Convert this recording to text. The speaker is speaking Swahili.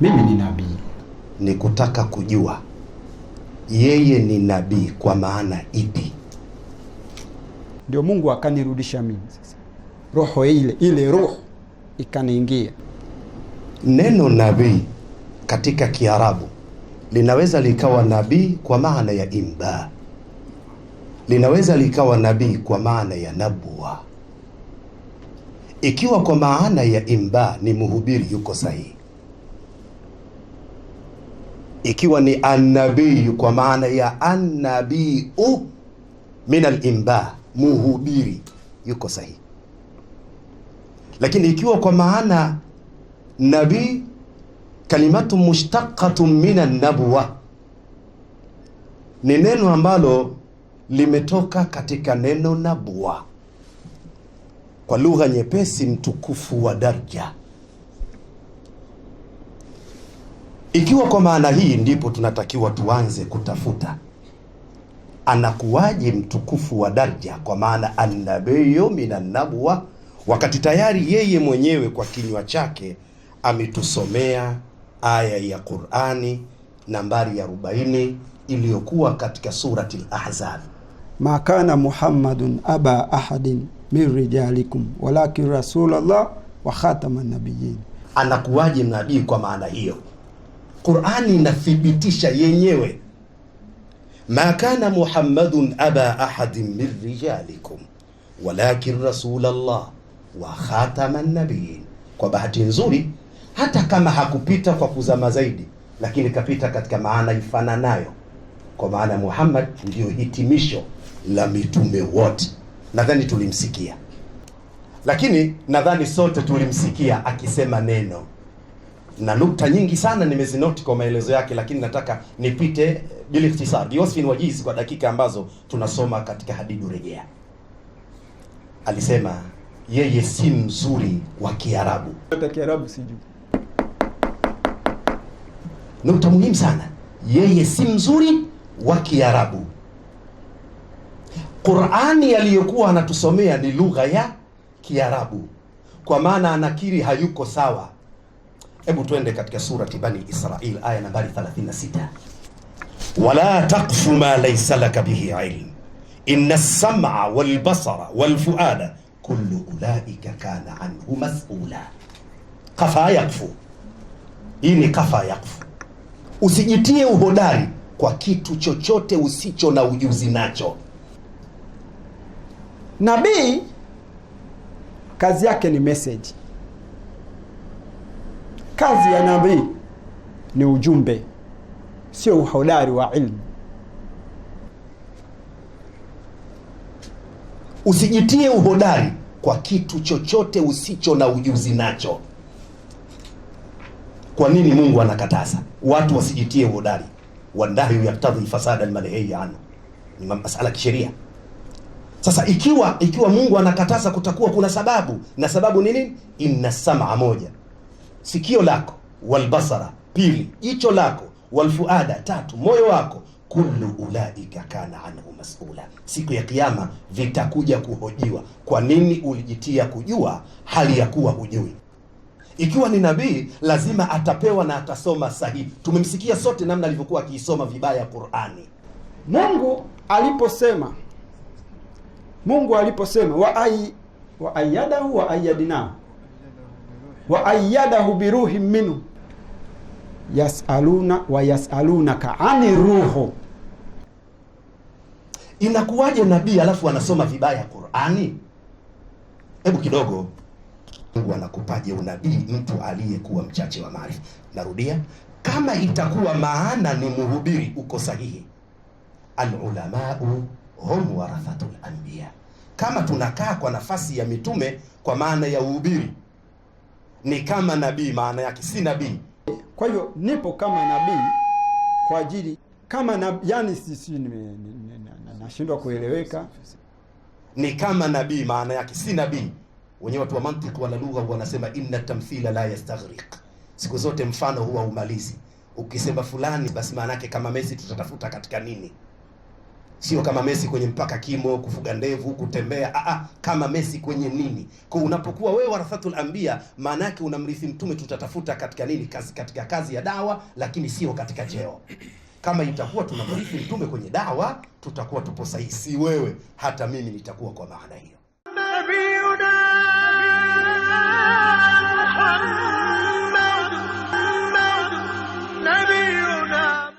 mimi ni nabii, ni kutaka kujua yeye ni nabii kwa maana ipi? Ndio Mungu akanirudisha mimi sasa, roho ile ile, roho ikaniingia. Neno nabii katika Kiarabu linaweza likawa nabii kwa maana ya imba, linaweza likawa nabii kwa maana ya nabua. Ikiwa kwa maana ya imba ni mhubiri, yuko sahihi ikiwa ni annabii kwa maana ya annabiu min alimba, muhubiri, yuko sahihi. Lakini ikiwa kwa maana nabii, kalimatu mushtaqatun min annabwa, ni neno ambalo limetoka katika neno nabwa, kwa lugha nyepesi, mtukufu wa darja Ikiwa kwa maana hii ndipo tunatakiwa tuanze kutafuta anakuwaje mtukufu wa daraja, kwa maana annabiyu minan nabwa, wakati tayari yeye mwenyewe kwa kinywa chake ametusomea aya ya Qur'ani nambari ya 40 iliyokuwa katika surati al-Ahzab, ma kana Muhammadun aba ahadin min rijalikum walakin rasulullah wa khataman nabiyyin. Anakuwaje nabii kwa maana hiyo Qur'ani inathibitisha yenyewe, ma kana Muhammadun aba ahadin min rijalikum walakin rasulallah wa khatama nabiyin. Kwa bahati nzuri, hata kama hakupita kwa kuzama zaidi, lakini kapita katika maana ifananayo, kwa maana Muhammad ndiyo hitimisho la mitume wote. Nadhani tulimsikia, lakini nadhani sote tulimsikia akisema neno na nukta nyingi sana nimezinoti kwa maelezo yake, lakini nataka nipite bilihtisar eh, Yosfin Wajizi kwa dakika ambazo tunasoma katika hadidu rejea. Alisema yeye si mzuri wa Kiarabu, hata Kiarabu sijui. Nukta muhimu sana, yeye si mzuri wa Kiarabu. Qur'ani aliyokuwa anatusomea ni lugha ya Kiarabu, kwa maana anakiri hayuko sawa Hebu twende katika surati Bani Israil aya nambari 36, wala taqfu ma laysa laka bihi ilm inna sam'a wal basara wal fuada kullu ulaika kana anhu mas'ula. Kafa yakfu, hii ni kafa yakfu. Usijitie uhodari kwa kitu chochote usicho na ujuzi nacho. Nabii kazi yake ni message Kazi ya nabii ni ujumbe, sio uhodari wa ilmu. Usijitie uhodari kwa kitu chochote usicho na ujuzi nacho. Kwa nini Mungu anakataza watu wasijitie uhodari? Wanahyu yaktadhi fasada almanhei anhu, ni masala kisheria. Sasa ikiwa ikiwa Mungu anakataza, kutakuwa kuna sababu, na sababu ni nini? Inna samaa moja sikio lako, walbasara pili, jicho lako, walfuada tatu, moyo wako kullu ulaika kana anhu masula. Siku ya kiama vitakuja kuhojiwa, kwa nini ulijitia kujua hali ya kuwa hujui? Ikiwa ni nabii lazima atapewa na atasoma sahihi. Tumemsikia sote namna alivyokuwa akiisoma vibaya Qur'ani. Mungu aliposema, Mungu aliposema wa ai, wa ayadahu wa ayadinahu wa ayyadahu biruhin minhu yasaluna wa yasalunaka ani ruhu Inakuwaje nabii alafu anasoma vibaya Qur'ani? Hebu kidogo, Mungu anakupaje unabii mtu aliyekuwa mchache wa maarifa? Narudia, kama itakuwa maana ni mhubiri, uko sahihi. Alulamau hum warathatul anbiya, kama tunakaa kwa nafasi ya mitume kwa maana ya uhubiri ni kama nabii, maana yake si nabii. Kwa hivyo nipo kama nabii kwa ajili kama na, yani sisi nashindwa kueleweka. Ni kama nabii, maana yake si nabii. Wenyewe watu wa mantiki wala lugha wanasema inna tamthila la yastaghriq, siku zote mfano huwa umalizi. Ukisema fulani, basi maana yake kama Messi tutatafuta katika nini? sio kama Messi kwenye mpaka kimo, kufuga ndevu, kutembea aa, ah, ah, kama Messi kwenye nini? Kwa unapokuwa wewe warathatul anbiya, maana yake unamrithi Mtume. Tutatafuta katika nini? Kazi, katika kazi ya dawa, lakini sio katika cheo. Kama itakuwa tunamrithi Mtume kwenye dawa, tutakuwa tupo sahihi, si wewe hata mimi nitakuwa kwa maana hiyo.